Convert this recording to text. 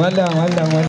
Mallam, mallam, mallam.